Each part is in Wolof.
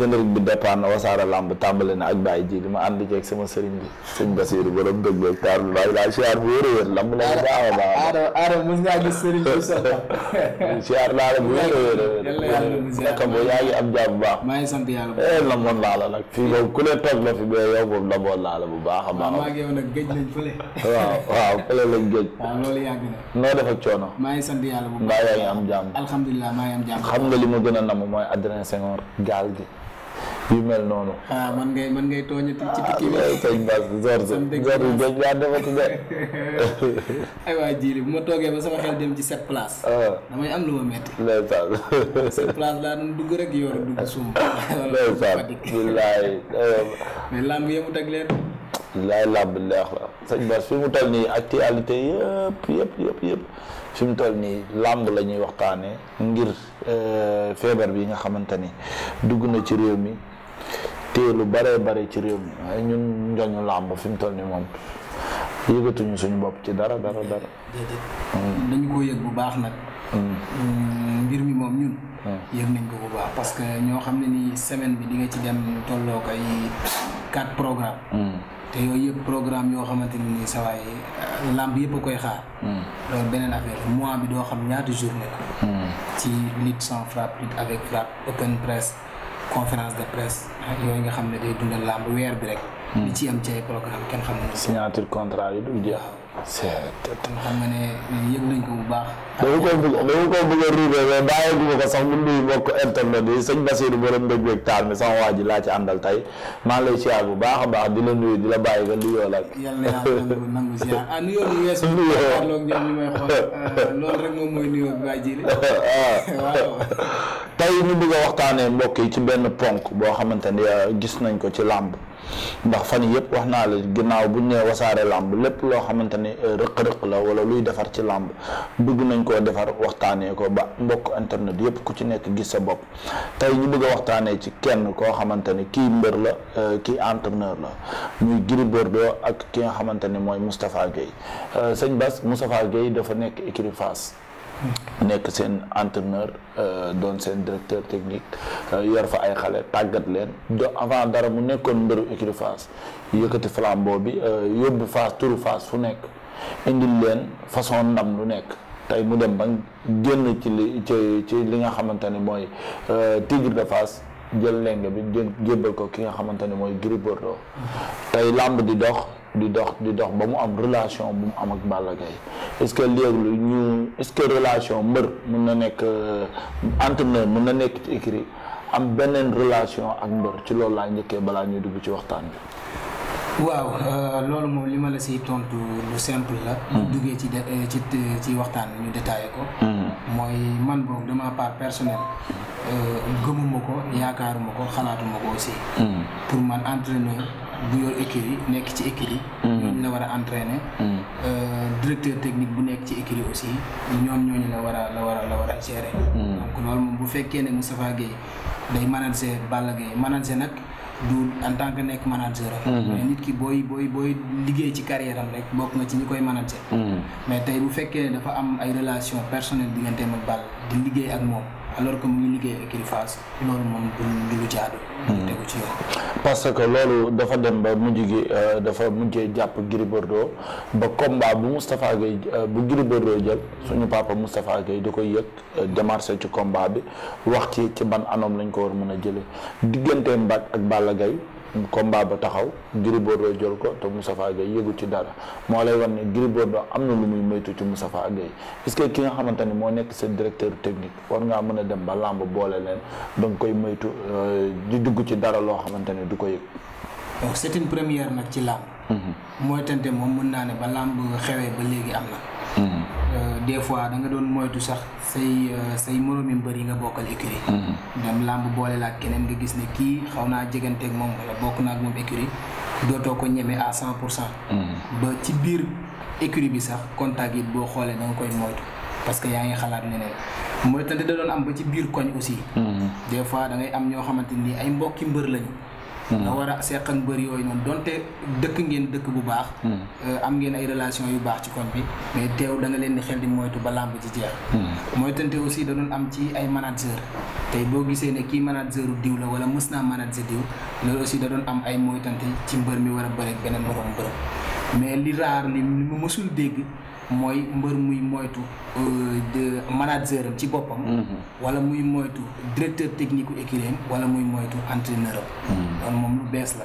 générique bi départ na wasaara lamb tàmbali na ak Baye ji li ma ànd ceeg sama sëriñ bi sëñ Basiru borom dëgg beeg taar bi waaye daal bu a wér la baax a laa la bu a wér a wér naka ngi am jàmm bu baax maa ngi bu baax lamoon eh, laa la nag fii moom ku ne toog la fi bee yow bu baax a baax maa na noo def coono maa ngi sant bu baax mbaa yaa am jàmm alhamdulilah maa li ma gën a nam mooy Adrien Senghor gaal gi yu mel noonu. ah man ngay man ngay tooñati ci tukki bi. ah sëñ Bass Zor bu ma toogee ba sama xel dem ci sept place. Ah. damay am lu ma métti. ndeysaan. sept place laa doon dugg rek yor dugg suum. ndeysaan billaay. mais làmb yëpp teg leen. billaay làmb leex la sëñ Bass fi mu toll nii actualité yëpp yëpp yëpp yëpp fi mu toll nii làmb lañuy ñuy waxtaanee ngir euh, feebar bi nga xamante ni dugg na ci réew mi. te lu bëree bëri ci réew mi waaye ñun njoñu làmb fi mu toll nii moom yëgatuñu suñu bopp ci dara dara dara. déedéet. Mm. dañu ko yëg bu baax nag. Mm. Mm, mbir mi moom ñun. yëg nañ ko bu baax parce que ñoo xam ne nii semaine bi di nga ci dem tolloo ko ay quatre programmes. te yooyu yëpp programme yoo xamante ne nii saa euh, làmb yëpp a koy xaar. loolu beneen affaire mois bi doo xam ñaati journée la. ci lutte sans frappe lutte avec frappe open press. conférence de presse ak yooyu nga xam ne day dundal làmb weer bi rek li hmm. ci am ci signature contrat yi dul jeex c'est xam a internet yi sëñ Basiru borom mbég beeg taal mi ji laa ci àndal tey maa lay siyaar bu baax a baax di la nuyu di la bàyyi nga nuyoo la yàlla na yàlla nangu siyaar ah ñu may ah, ah. waxtaanee mbokk yi ci benn ponk boo xamante ni gis nañ ko ci làmb ndax fan yëpp wax naa la ginnaaw bu ñu nee wasaare làmb lépp loo xamante ni euh, rëq-rëq la wala luy defar ci làmb bëgg nañ koo defar waxtaanee ko ba mbokk internet yëpp ku ci nekk gis sa bopp tey ñu bëgg a waxtaanee ci kenn koo xamante ni kii mbër la euh, kii entraîneur la muy Gris Bordeaux ak ki nga xamante ni mooy Moustapha Guèye euh, sëñ Bass Moustapha Guèye dafa nekk écurie Fass nekk seen entraîneur euh, doon seen directeur technique euh, yor fa ay xale tàggat leen do avant dara mu nekkoon mbëru écurie Fass yëkkati flambeau bi euh, yóbbu Fass turu Fass fu nekk indil leen façon ndam lu nekk tey mu dem ba génn ci li ci ci li nga xamante ne mooy Tigre de Fass jël lenge bi jën jébbal ko ki nga xamante ne mooy Gris Bordeaux tey làmb di dox di dox di dox ba mu am relation bu mu am ak Balla Gaye est-ce que ñu est-ce que relation mbër mun na nekk euh, entraîneur mun na nekk ci écrit am beneen relation ak mbër ci loolu laa njëkkee balaa ñuy dugg ci waxtaan bi. waaw euh, loolu moom li ma la siy tontu lu la. bu hmm. duggee ci ci ci waxtaan ñu détaillé ko. Hmm. mooy man boog de ma part personnelle. Euh, gëmuma ko yaakaaruma ko xalaatuma ko aussi. Hmm. pour man entraîneur. bu yor écurie nekk ci écurie hmm. ñooñu la war a entraîner hmm. euh, directeur technique bu nekk ci écurie aussi ñoom ñooñu la war a la war la war a gérer hmm. loolu moom bu fekkee ne Moustapha Gueye day manager Balla Gaye manager nag du en tant que nekk manager mais nit ki booy booy booy liggéey ci carrière rek bokk nga ci ñu koy manager mais tey bu fekkee dafa am ay relation personnelle digganteem ak Balla di liggéey ak moom alors que mu ngi liggéey écurie Fass loolu moom du lu jaadu. Hmm. tegu parce que loolu dafa dem ba mujj gi euh, dafa mujjee jàpp Gris Bordeaux ba combat bu Moustapha Gueye euh, bu Gris Bordeaux jël suñu papa Moustapha Gueye da koy yëg euh, démarché ci combat bi wax ci ci ban anoom lañ ko war mën a jëlee digganteem baag ak Balla Gaye baa ba taxaw Gris Bordeaux jël ko te Moustapha Gueye yëgu ci dara moo lay wan ne Gris Bordeaux am na lu muy moytu ci mu Gueye est-ce que ki nga xamante ni moo nekk sa directeur technique war ngaa mën a dem ba làmb boole leen ba nga koy moytu euh, di dugg ci dara loo xamante ne du ko yëg. donc c'est une première nag ci làmb. Mhm. mooy tante moom mën naa ne ba làmb xewee ba léegi am na. Euh, des fois da nga doon moytu sax say euh, say moroomi mbër yi nga bokkal écurie mm-hmm. dem làmb boole laa keneen nga gis ne kii xaw naa jeganteeg moom wala bokk naa ak moom écurie dootoo ko ñeme à cent pour cent mm-hmm. ba ci biir écurie bi sax contact yi boo xoolee da nga koy moytu parce que yaa ngi xalaat leneen moytante da doon am ba ci biir koñ aussi mm-hmm. des fois da ngay am ñoo xamante ni ay mbokki mbër lañu Mm-hmm. nga war a seq ak mbër yooyu noonu donte dëkk ngeen dëkk bu baax mm-hmm. euh, am ngeen ay relation yu baax ci kon bi mais teew da nga leen di xel di moytu ba làmb ji jeex mm-hmm. moytante aussi da doon am ci ay manager tey boo gisee ne kii manager diw la wala mës naa manager diw loolu aussi da doon am ay moytante ci mbër mi war a bëreeg beneen borom mbërëm mais li raar li mu mësul dégg mooy mbër muy moytu euh, de manager am ci boppam. Mhm. wala muy moytu directeur technique u écurie wala muy moytu entraîneur am. Mhm. moom lu bees la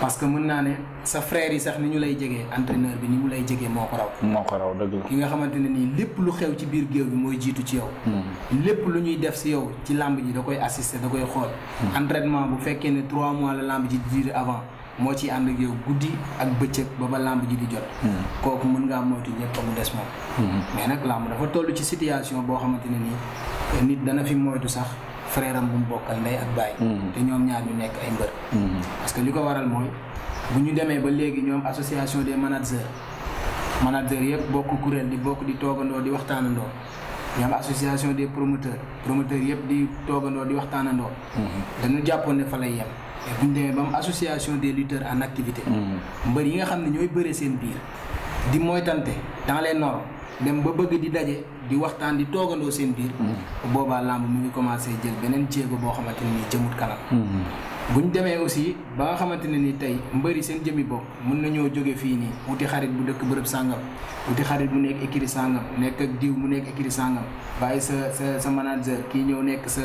parce que mën naa ne sa frère yi sax ni ñu lay jegee entraîneur bi ni mu lay jegee moo ko raw. moo ko raw dëgg la ki nga xamante ne nii lépp lu xew ci biir géew bi mooy jiitu ci yow. Mhm. lépp lu ñuy def si yow ci làmb ji da koy assister da koy xool. entraînement bu fekkee ne trois mois la làmb ji diir avant. moo ciy ànd ak yow guddi ak bëccëg ba ba làmb ji di jot. Hmm. kooku mën ngaa moytu ñëpp mu des moom. Hmm. mais nag làmb dafa toll ci situation boo xamante ne nii nit dana fi moytu sax frère bu mu bokkal ndey ak baay. Hmm. te ñoom ñaar ñu nekk ay mbër. parce que li ko waral mooy bu ñu demee ba léegi ñoom association des managers managers yëpp bokk kuréel di bokk di toogandoo di waxtaanandoo. ñoom association des promoteurs promoteurs yëpp di toogandoo di waxtaanandoo. dañu jàppoon ne fa lay yem. bu ñu demee ba am association des lutteurs en activité. Mm. mbër yi nga xam ne ñooy bëre seen biir di moytante dans les normes dem ba bëgg di daje di waxtaan di toogandoo seen biir. Mm. boobaa làmb mu ngi commencé jël beneen jéego boo xamante ni jëmut kanam. Mm-hmm. bu ñu demee aussi ba nga xamante ne nii tey mbëri seen jëmmi bopp mën nañoo jóge fii nii wuti xarit bu dëkk bërëb sàngam wuti xarit bu nekk écurie sàngam nekk ak diw mu nekk écurie sàngam bàyyi sa sa sa manager kii ñëw nekk sa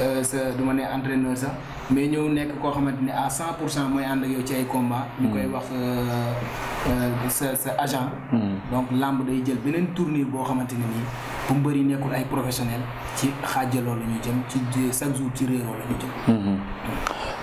euh, sa du ma ne entraîneur sax mais ñëw nekk koo xamante ne à cent pour cent mooy ànd ak yow ci ay combat ñu koy hmm. wax euh, euh, sa sa agent hmm. donc làmb day jël beneen tournure boo xamante ne nii bu mbëri nekkul ay professionnel ci xaajaloo la ñu jëm ci chaque jour ci réeroo la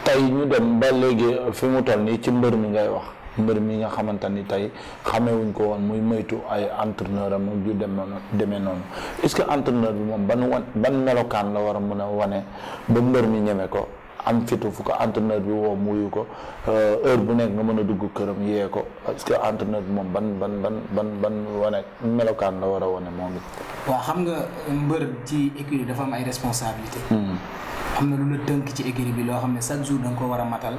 tey ñu dem ba léegi fi mu toll nii ci mbër mi ngay wax mbër mi nga xamante ni tey xamewuñ ko woon muy moytu ay entraîneur am ju dem demee noonu est-ce que entraîneur bi moom ban wan ban melokaan la war a mën a wane ba mbër mi ñeme ko am fitu fu ko entraîneur bi woo muyu ko euh, heure bu nekk nga mën a dugg këram yee ko parce que entraîneur bi moom ban ban ban ban ban wane melokaan la war a wane moom it. waaw xam nga mbër ci écurie dafa am ay responsabilités. Hmm. am na lu la tënk ci écurie bi loo xam ne chaque jour da ko war a matal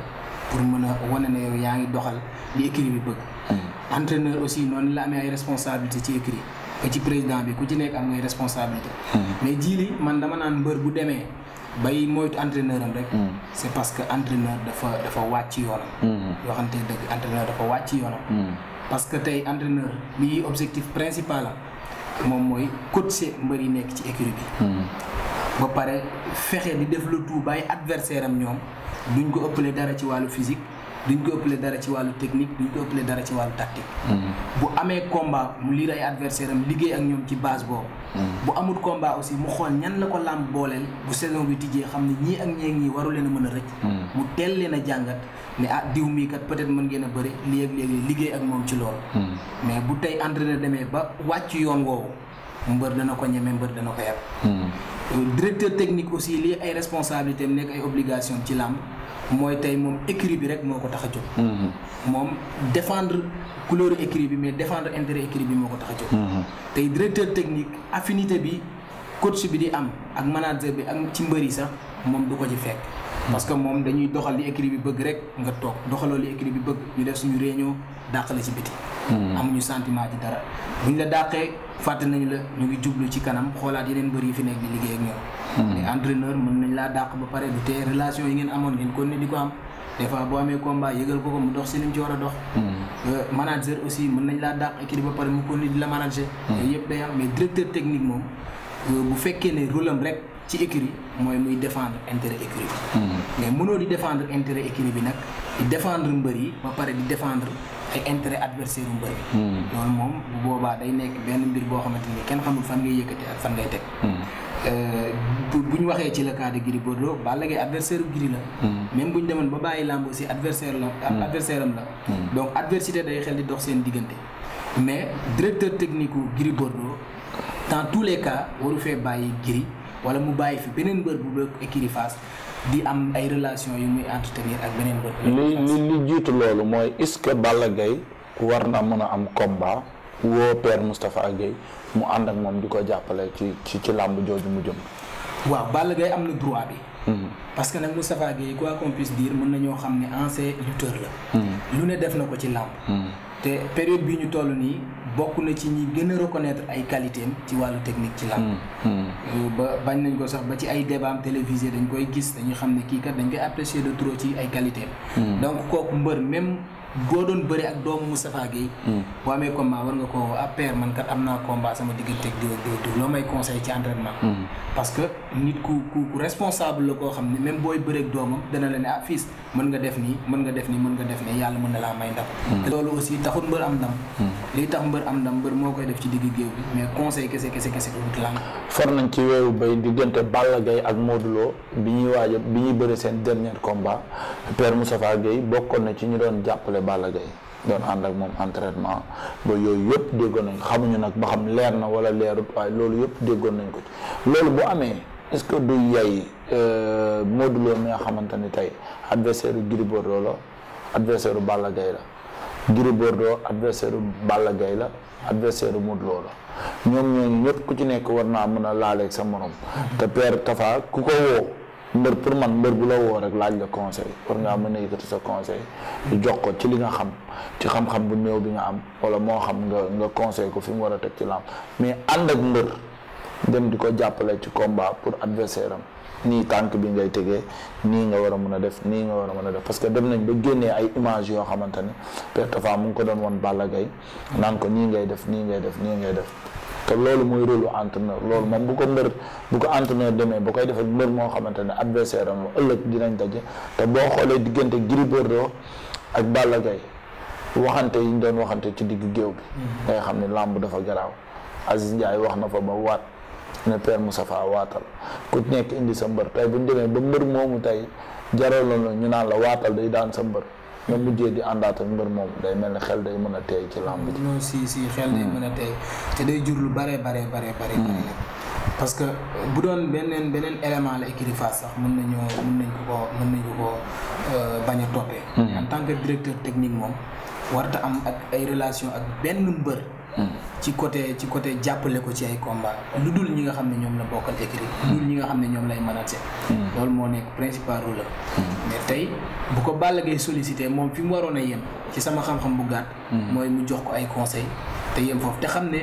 pour mën a wane ne yow yaa ngi doxal li écurie bi bëgg. Hmm. entraîneur aussi noonu la amee ay responsabilité ci écurie ba ci président bi ku ci nekk am ngay responsabilité. Hmm. mais jii man dama naan mbër bu demee bay moytu entraîneur am rek. Hmm. c' est parce que entraîneur dafa dafa wàcc yoonam. yoo xamante ne dëgg entraîneur dafa wàcc yoonam. parce que tey entraîneur bi objectif principal am moom mooy coacher mbër yi nekk ci écurie bi. ba pare fexe di def le tout bàyyi adversaire am ñoom duñ ko ëppale dara ci wàllu physique duñ ko ëppale dara ci wàllu technique duñ ko ëppale dara ci wàllu tactique. Mm-hmm. bu amee combat mu liir ay adversaire am liggéey ak ñoom ci base boobu. Mm-hmm. bu amul combat aussi mu xool ñan la ko làmb booleel bu saison bi tijjee xam ne ñii ak ñeeg ñii waru leen a mën a rëcc. Mm-hmm. mu teel leen a jàngat ne ah diw mii kat peut-être mën ngeen a bëri léeg-léeg liggéey ak moom ci loolu. mais bu tey entraîneur demee ba wàcc yoon woowu. mbër dana ko ñeme mbër dana ko yàpp hmm. euh, directeur technique aussi lii ay responsabilité am nekk ay obligation ci làmb mooy tey moom écurie bi rek moo ko tax a jóg hmm. moom defendre couleur écurie bi mais défendre intére écurie bi moo ko tax a jóg hmm. tey directeur technique affinité bi coach bi di am ak manager bi ak ci mbër yi sax moom du ko ci fekk parce que moom dañuy doxal li écurie bi bëgg rek nga toog doxaloo li écurie bi bëgg ñu def suñu réunion dàq la ci biti Hmm. amuñu sentiment ci dara buñ la dàqee fàtte nañu la ñu ngi jublu ci kanam xoolaat yeneen bëri yi fi nekk di liggéey ak ñoom hmm. mais entraîneur mën nañ laa dàq ba pare du tee relation yi ngeen amoon ngeen kon ne di ko am des fois boo amee combat yëgal ko ko mu dox si ni ci war a dox hmm. euh, manager aussi mun nañ laa dàq équipe ba pare mu kon ne di la manager yooyu yëpp day am mais directeur technique moom euh, bu fekkee ne rôle am rek ci écurie mooy muy défendre intérêt écurie bi. Hmm. mais mënoo di défendre intérêt écurie bi nag defendre défendre mbër yi ba pare di défendre ay intérêt adversaire yu mbër yi. Hmm. loolu moom bu boobaa day nekk benn mbir boo xamante ni kenn xamul fan ngay yëkkati ak fan ngay teg. Hmm. Euh, bu ñu waxee ci le cas de Gris Bordeaux baa Gaye adversaire Gris la. même bu ñu demoon ba bàyyi làmb aussi adversaire la. adversaire am la. donc adversité day xel di dox seen diggante. mais directeur technique gu Gris Bordeaux dans tous les cas waru fee bàyyi Gris. wala mu bàyyi fi beneen mbër bu bëgg écurie Fass di am ay relation yu muy entretenir ak beneen mbër. li li li jiitu loolu mooy est-ce que Balla Gaye war na mën a am combat woo père Moustapha Guèye mu ànd ak moom di ko jàppale ci ci ci làmb jooju mu jëm. waaw Balla Gaye am na droit bi. Mm-hmm. parce que nag Moustapha Gueye quoi qu'on puisse dire mën ñoo xam ne ancien lutteur la. Mm-hmm. lu ne def na ko ci làmb. Mm-hmm. te période bi ñu toll nii bokk na ci ñi gën a reconnaître ay qualité ci wàllu technique ci làmb. Euh, ba bañ nañ ko sax ba ci ay débat am dañ koy gis dañu xam ne kii kat dañ koy apprécier de trop ci ay qualité donc kooku mbër même. boo doon bëri ak doomu Moustapha Guèye. Hmm. boo amee combat war nga ko appeer man kat am naa combat sama diggante ak diw diw diw loo may conseil ci hmm. parce que nit ku ku responsable la koo xam ne même booy bëreeg doomam dana la ne ah fils mën nga def nii mën nga def nii mën nga def ne yàlla mën na laa may ndam hmm. loolu aussi taxul mbër am ndam hmm. lii tax mbër am ndam mbër moo koy def ci digg géew bi mais conseil kese kese kese ko wut làmb for nañ ci weewu bay diggante Balla Gaye ak Modou Lo bi ñuy waaja bi ñuy bëri seen dernier combat Père Moustapha Gueye bokkoon na ci ñu doon jàppale Balla Gaye doon ànd ak moom entraînement ba yooyu yëpp déggoon nañ xamuñu nag ba xam leer na wala leerut waaye loolu yëpp déggoon nañ ko ci loolu bu amee est-ce que du yay euh, Modou Lo mi nga xamante ni tey adversaire u Gris Bordeaux la adversaire u Balla Gaye la Gris Bordeaux adversaire u Balla Gaye la adversaire u Modou Lo la ñoom ñooñu ku ci nekk war naa mën a laaleeg sa morom te père Tafa ku ko woo mbër pour man mbër bu la woo rek laaj la conseil war ngaa mën a yëkkati sa conseil jox ko ci li nga xam ci xam-xam bu néew bi nga am wala moo xam nga conseil ko fi mu war a teg ci lamb mais ànd ak mbër dem di ko jàppale ci combat pour adversaire am nii tànk bi ngay tegee nii nga war a mën a def nii nga war a mën a def parce que dem nañ ba génnee ay image yoo xamante ne pertefa mu ngi ko doon woon Balla Gaye naan ko nii ngay def nii ngay def nii ngay def te loolu mooy rôle entraîneur loolu moom bu ko mbër bu ko entraîneur demee ba koy def ak mbër moo xamante ne adversaire am ëllëg dinañ daje te boo xoolee diggante Gris Bordeaux ak Balla Gaye waxante yi doon waxante ci digg géew bi mm-hmm. xam ne làmb dafa garaaw Aziz Ndiaye wax na fa ba waat ne Père Moustapha waatal ku nekk indi sa mbër tey bu ñu demee ba mbër moomu tey jaraloon la ñu naan la waatal day daan sa mbër nga mujjee di àndaat ak mbër moomu day mel ne xel day mën a teey ci làmb ji. non si si xel day hmm. mën a teey te day jur lu bare bare bare bare. Hmm. parce que euh, bu doon beneen beneen élément la écurie sax mun nañoo mën nañ ko koo mën nañu ko euh, bañ a toppee. Hmm. en tant que directeur technique moom warta am ak ay relation ak benn mbër. ci côté ci côté jàppale ko ci ay combat lu dul ñi nga xam ne ñoom la bokkal écrit lu dul ñi nga xam ne ñoom lay manager hmm. loolu moo nekk principal la hmm. mais tey bu ko Balla Gaye sollicité moom fi mu waroon a yem ci sama xam-xam bu gàtt hmm. mooy mu jox ko ay conseil te yem foofu te xam ne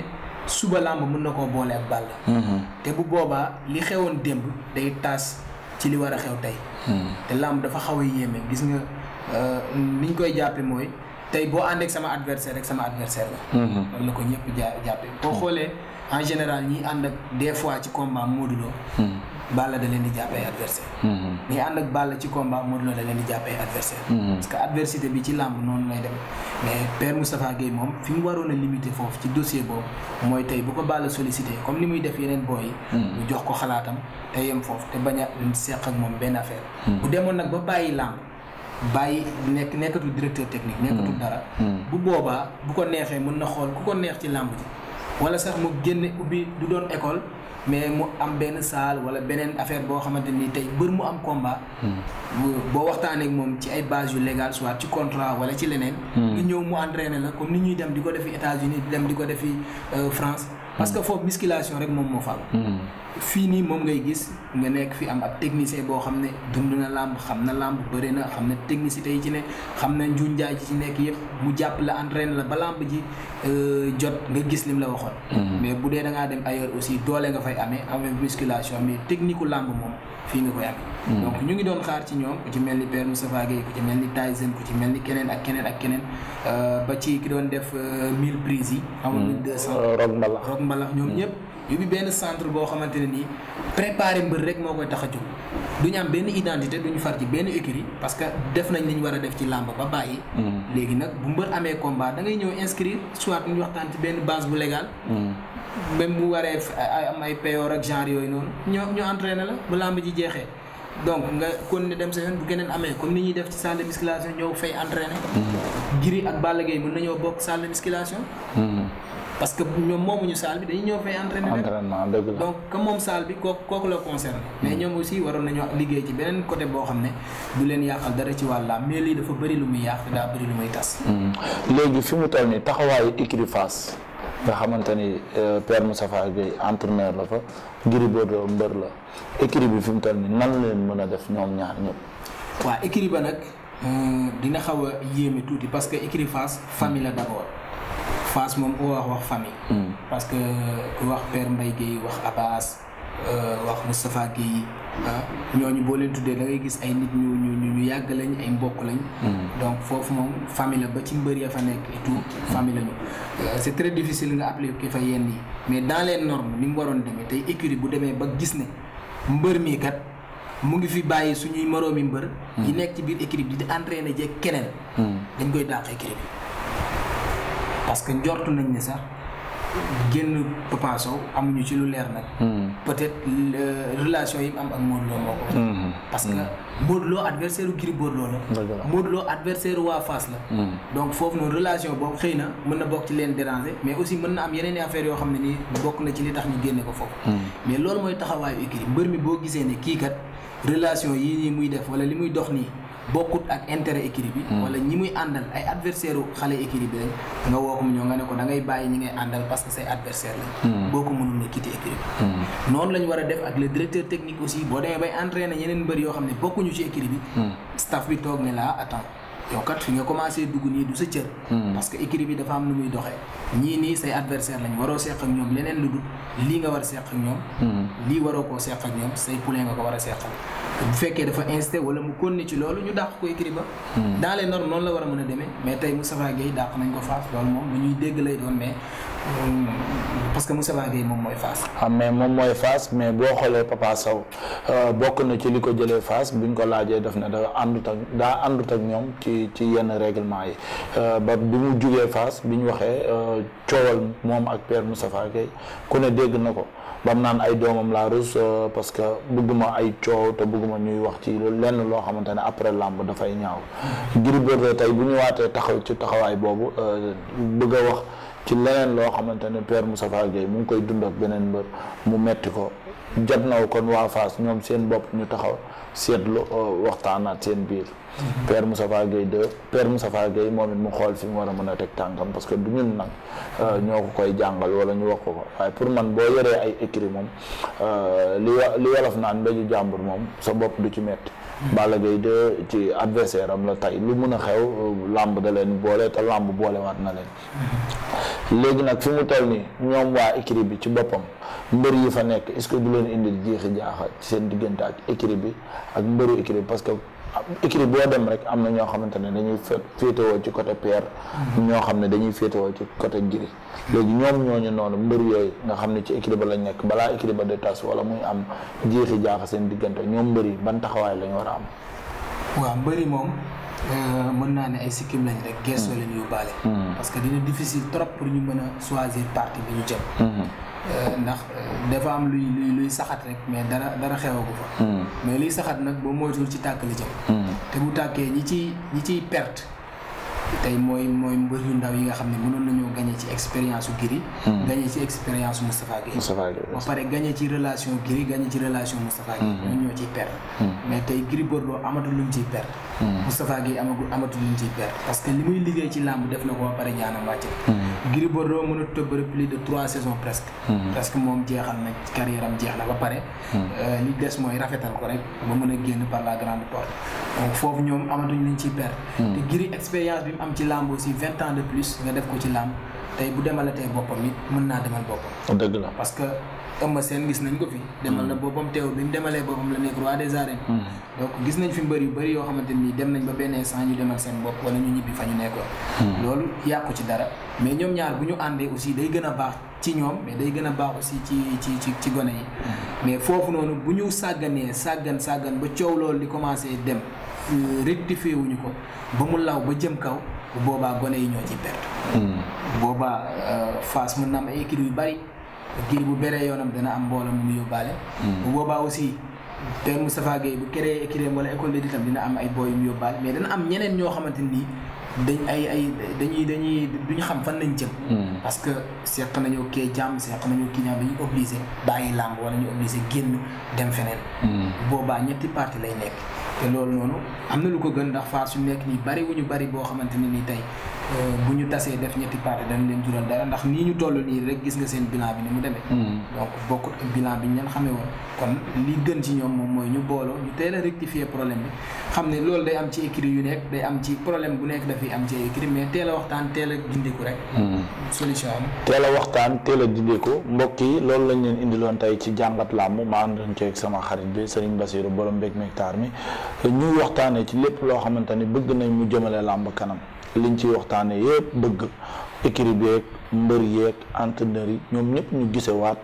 suba làmb mën na koo boole ak Balla te bu boobaa li xewoon démb day taas ci li war a xew tey te làmb dafa xaw a yéeme gis nga euh, niñ koy jàppe mooy tey boo àndeek sama adversaire rek sama adversaire la. Mhm. loolu la ko ñëpp jaa jàppee boo mhm. xoolee en général ñi ànd ak des fois ci combat Modou Lo. Mhm. Balla da leen di jàppee adversaire. ñi ànd ak Balla ci combat Modou Lo da leen di jàppee adversaire. parce que adversité bi ci làmb noonu lay dem mais Père Moustapha Gueye moom fi mu waroon a limiter foofu ci dossier boobu mooy tey bu ko Balla sollicité comme li muy def yeneen booy mu jox ko xalaatam te yem foofu te bañ a seq ak moom benn affaire. bu demoon nag ba bàyyi làmb. bàyyi nekk nekkatul directeur technique. nekkatul hmm. dara. Hmm. bu boobaa bu ko neexee mën na xool ku ko neex ci làmb ji. wala sax mu génne ubbi du doon école mais mu am benn salle wala beneen affaire boo xamante nii tey bër mu am combat. Hmm. boo waxtaan ak moom ci ay base yu légal soit ci contrat wala ci leneen. ñu ñëw mu entraîné la comme ni ñuy dem di ko defi États-Unis di dem di ko defi euh, France. parce que foofu musculation rek moom moo fa am. Hmm. fii nii moom ngay gis nga nekk fi am ab technicien boo xam ne dund na làmb xam na làmb bëri na xam na technicité yi ci ne xam na njuunjaay ji ci nekk yëpp mu jàpp la entraîne la ba làmb ji euh, jot nga gis lim la waxoon. Hmm. mais bu dee da ngaa dem ailleurs aussi doole nga fay amee amee musculation mais technique u làmb moom fii nga koy amee. Hmm. donc ñu ngi doon xaar ci ñoom ku ci mel ni Père Moustapha Gueye ku ci mel ni Tyson ku ci mel ni keneen ak keneen ak keneen euh, ba ci ki doon def euh, mille prises yi. amoon na 200 rog mbalax mbalax ñoom hmm. ñëpp yóbbu benn centre boo xamante ne nii préparer mbër rek moo koy tax a du duñu am benn identité duñu far ci benn écurie parce que def nañ li ñu war a def ci làmb ba bàyyi hmm. léegi nag bu mbër amee combat da ngay ñëw inscrire soit ñu waxtaan ci benn base bu légal hmm. même bu waree am ay payoor ak genre yooyu noonu ñoo ñu entraîné la bu làmb ji jeexee donc nga kon ne dem sa yoon bu keneen amee comme ni ñuy def ci salle de musculation ñëw fay entraîné Gris ak Balla Gaye mën nañoo bokk salle de parce que ñoom moomuñu salle bi dañuy ñëw fay entraîner. entraînement dëgg la donc que moom salle bi kooku kooku la concerne. mais hmm. ñoom aussi waroon nañoo liggéey ci beneen côté boo xam ne du leen yàqal dara ci wàlla mais lii dafa bëri lu muy yàq daa bëri lu muy tas. Hmm. léegi fi mu toll nii taxawaayu écurie nga xamante ni euh, Père Moustapha Gueye entraîneur la fa Gris Bordeaux mbër la écurie bi fi mu tal nii nan leen mën a def ñoom ñaar ñëpp. waa écurie ba nag euh, dina xaw a yéeme tuuti parce que écurie Fass famille la d'abord. Fass moom ku wax wax famille. Hmm. parce que wax Père Mbaye Guèye wax Abbas euh, wax Moustapha Guèye ah ñooñu boo leen tuddee da ngay gis ay nit ñu ñu ñu yàgg lañ ay mbokk lañ. Hmm. donc foofu moom famille la ba ci mbër ya fa nekk et tout famille lañu. Euh, c' est difficile nga appliquer fa yenn yi mais dans les normes ni mu waroon demee tey écurie bu demee ba gis ne mbër mii kat. mu ngi fi bàyyi suñuy moroomi mbër. Hmm. yi nekk ci biir équipe bi di entraîné jeeg keneen. dañ koy dàq équipe parce que njortu nañ ni sax génn Papa amuñu ci lu leer nag. Hmm. peut-être relation yi mu am ak Modou Lo moo ko. Hmm. parce que hmm. Modou Lo adversaire u Gris Bordeaux la. Modou Lo adversaire waa Fass la. donc foofu noonu relation boobu xëy na mën na bokk ci leen déranger mais aussi mën na am yeneen i yoo xam ne nii bokk na ci li tax ñu génne ko foofu. mais loolu mooy taxawaayu écrit mbër mi boo gisee ne kii kat relation yi nii muy def wala li muy dox nii. bokkut ak intérêt écurie bi hmm. wala ñi muy àndal ay adversaire u xale écurie bi lañ nga woo ko mu ñëw nga ne ko da ngay bàyyi ñi ngay àndal parce que say adversaire lañ hmm. boo ko mënul nga quitté écurie bi hmm. noonu lañ war a def ak le directeur technique aussi boo demee bay na yeneen mbër yoo xam ne bokkuñu ci écurie bi staff bi toog ne laa attends yow kat fi nga commencé dugg nii du sa cër. parce que écurie bi dafa am nu muy doxee. ñii nii say adversaire lañ waroo seq ak ñoom leneen lu dul lii nga war a seq ak ñoom. lii waroo koo seq ak ñoom say poulain nga ko war a seqal. bu fekkee dafa incité wala mu kon konni ci loolu ñu dàq koy écrit ba hmm. dans les normes noonu la war a mën a demee mais tey Moustapha Gueye dàq nañ ko Fass loolu moom lu ñuy dégg lay doon mais euh, parce que Moustapha Gueye moom mooy Fass ah mais moom mooy Fass mais boo xoolee Papa Sow euh, bokk na ci li ko jëlee Fass buñ ko laajee def na dafa àndut ak daa àndut ak ñoom ci ci yenn règlement yi euh, ba bi mu jugee Fass bi ñu waxee coowal moom ak Père Moustapha Gueye ku ne dégg na ko bam naan ay doomam laa rus parce que bëgguma ay coow te bëgguma ñuy wax ci lenn loo xamante ne après làmb dafay ñaaw Gris Bordeaux tey bu ñu waatee taxaw ci taxawaay boobu euh, bëgg a wax ci leneen loo xamante ne Père Moustapha mu ngi koy dund ak beneen mbër mu metti ko jot naw kon waa Fass ñoom seen bopp ñu taxaw seetlu euh, waxtaanaat seen biir. per Moustapha Gueye de Père Moustapha Gueye moom it mu xool fi mu war a mën a teg tànkam parce que du ñun nag euh, ñoo ko koy jàngal wala ñu wax ko ko waaye pour man boo yoree ay écrit moom euh, li li wolof naan mbéju jàmbur moom sa bopp du ci metti Balla Gaye 2 ci adversaire la tey lu mën a xew làmb da leen boole te làmb boolewaat na leen. léegi nag fi mu toll nii ñoom waa écurie bi ci boppam mbër yi fa nekk est-ce que du leen indil jeexi jaaxa ci seen diggante ak écurie bi ak mbëru écurie bi parce que écurie boo dem rek am na ñoo xamante ne dañuy féetewoo ci côté Pierre ñoo xam ne dañuy féetewoo ci côté Giri léegi ñoom ñooñu noonu mbër yooyu nga xam ne ci écurie ba lañ nekk balaa écurie ba de tas wala muy am jeexi jaaxa seen diggante ñoom mbër yi ban taxawaay la ñu war a am waaw mbër moom Euh, mën naa ne ay sikkim lañ rek geesoo leen yóbbaale hmm. parce que dina difficile trop pour ñu mën a choisir parti bi ñu jëm hmm. euh, ndax euh, dafa am luy luy luy rek mais dara dara xewagu fa hmm. mais liy saxat nag ba moytuwul ci tàkk la jëm te bu tàkkee ñi ci ñi ci perte tey mooy mooy mbër yu ndaw yi nga xam ne mënoon nañoo gagné ci expérience u Giri gagné ci expérience Moustapha Gueye ba pare gañee ci relation Giri gagné ci relation Moustapha Gueye ñun ñoo ci perte mais tey Giri Bordeaux amatul luñ ciy perte Hmm. Moustapha Gueye amagul amatul luñ ciy perte que li muy liggéey ci làmb def na ko ba pare ñaanam wàcc hmm. Gris Bordeaux mën a tëbbare plus de trois saisons presque hmm. parce moom jeexal na carrière jeex na ba pare euh, li des mooy rafetal ko rek ba mën a génn par la grande porte donc foofu ñoom amatuñ luñ ciy perte te Gris expérience bi mu am ci làmb aussi vingt ans de plus nga def ko ci làmb tey bu demalatee boppam it mën naa demal boppam dëgg la Eumeu Sène gis nañ ko fi. demal na mm. boppam teew bi mu demalee boppam la nekk roi des arènes. Mm. donc gis nañ fi mbër yu bëri yoo xamante ni dem nañ ba benn instant ñu demal seen bopp wala ñu ñibbi fa ñu nekkoon. Mm. loolu yàqu ci dara mais ñoom ñaar bu ñu àndee aussi day gën a baax ci ñoom day gën a baax aussi ci ci ci ci gone yi. mais foofu noonu bu ñu sàgganee sàggan sàggan ba coow loolu di commencé dem euh, rectifié wuñu ko ba mu law ba jëm kaw bu boobaa gone yi ñoo ci perte. boobaa euh, Fass mën na am ay équipe yu bari. Gris bu beree yoonam dana am mbooloo mu mu yóbbaale. Mm. bu boobaa aussi Père Moustapha Gueye bu créé écurie wala école de tam dina am ay booy yu mu yóbbaale mais dana am ñeneen ñoo xamante ni dañ ay ay dañuy dañuy duñu xam fan lañ jëm. Mm. parce que seq nañoo kee jàmm seq nañoo kii ñaar dañuy obligé bàyyi làmb wala ñu obligé génn dem feneen. Mm. boobaa ñetti parti lay nekk. te loolu noonu am na lu ko gën ndax faar su nekk nii bari ñu bari boo xamante ne nii tey Euh, bu ñu tasee def ñetti parti dañ leen jural dara ndax nii ñu toll nii rek gis nga seen bilan bi ni mu demee. Hmm. donc bokkut bilan bi ñu leen xamee woon. kon li gën ci ñoom moom mooy ñu booloo ñu teel a rectifier problème bi xam ne loolu day am ci écrit yu nekk day am ci problème bu nekk dafay am ci écrit mais teel a waxtaan teel a dindiku rek. Hmm. solution am. teel a waxtaan teel a dindiku mbokk yi loolu lañ leen indiloon tey ci jàngat làmb ma àndoon ci ak sama xarit bi Serigne Bassirou borom mbég mectar mi ñu waxtaanee ci lépp loo xamante ni bëgg nañ mu jëmale làmb kanam. liñ ci waxtaanee yëpp bëgg écrit bi yeeg mbër yeeg entraîneur yi ñoom ñëpp ñu gisewaat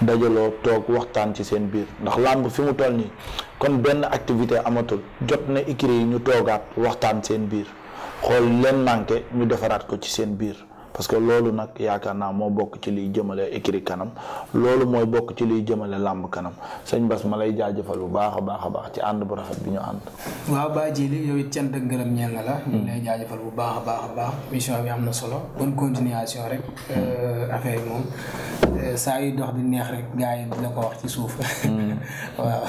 dajaloo toog waxtaan ci seen biir ndax làmb fi mu toll nii kon benn activité amatul jot na écrit yi ñu toogaat waxtaan seen biir xool leen manqué ñu defaraat ko ci seen biir. parce que loolu nag yaakaar naa moo bokk ci luy jëmale écrit kanam loolu mooy bokk ci luy jëmale làmb kanam sëñ Bas ma lay jaajëfal bu baax a baax a baax ci ànd bu rafet bi ñu ànd. waaw Ba Djili yow it cant ak ngërëm la. Hmm. ñu lay jaajëfal bu baax a baax a baax mission bi am na solo bonne continuation rek hmm. euh, affaire moom euh, saa yu dox di neex rek gaa yi dina ko wax ci suuf. Hmm. waaw.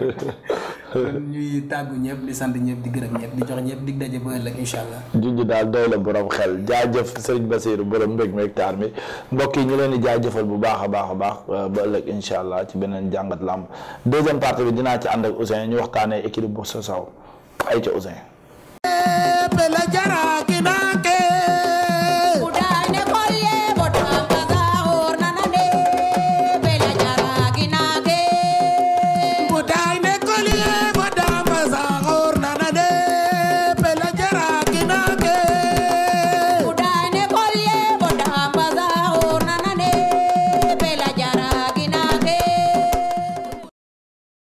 kon ñuy tàggu ñëpp di sant ñëpp di gërëm ñëpp di jox ñëpp dig daje ba ëllëg incha allah. ju daal doy la borom xel jaajëf sëriñ Basiirou borom mbég meeg taar mi mbokk yi ñu leen di jëfal bu baax a baax a baax euh, ba ëllëg incha allah ci beneen jàngat làmp deuxième partie bi dinaa ci ànd ak Ousseyn ñu waxtaanee équipe bu Sosaw ay ca Ousseyn.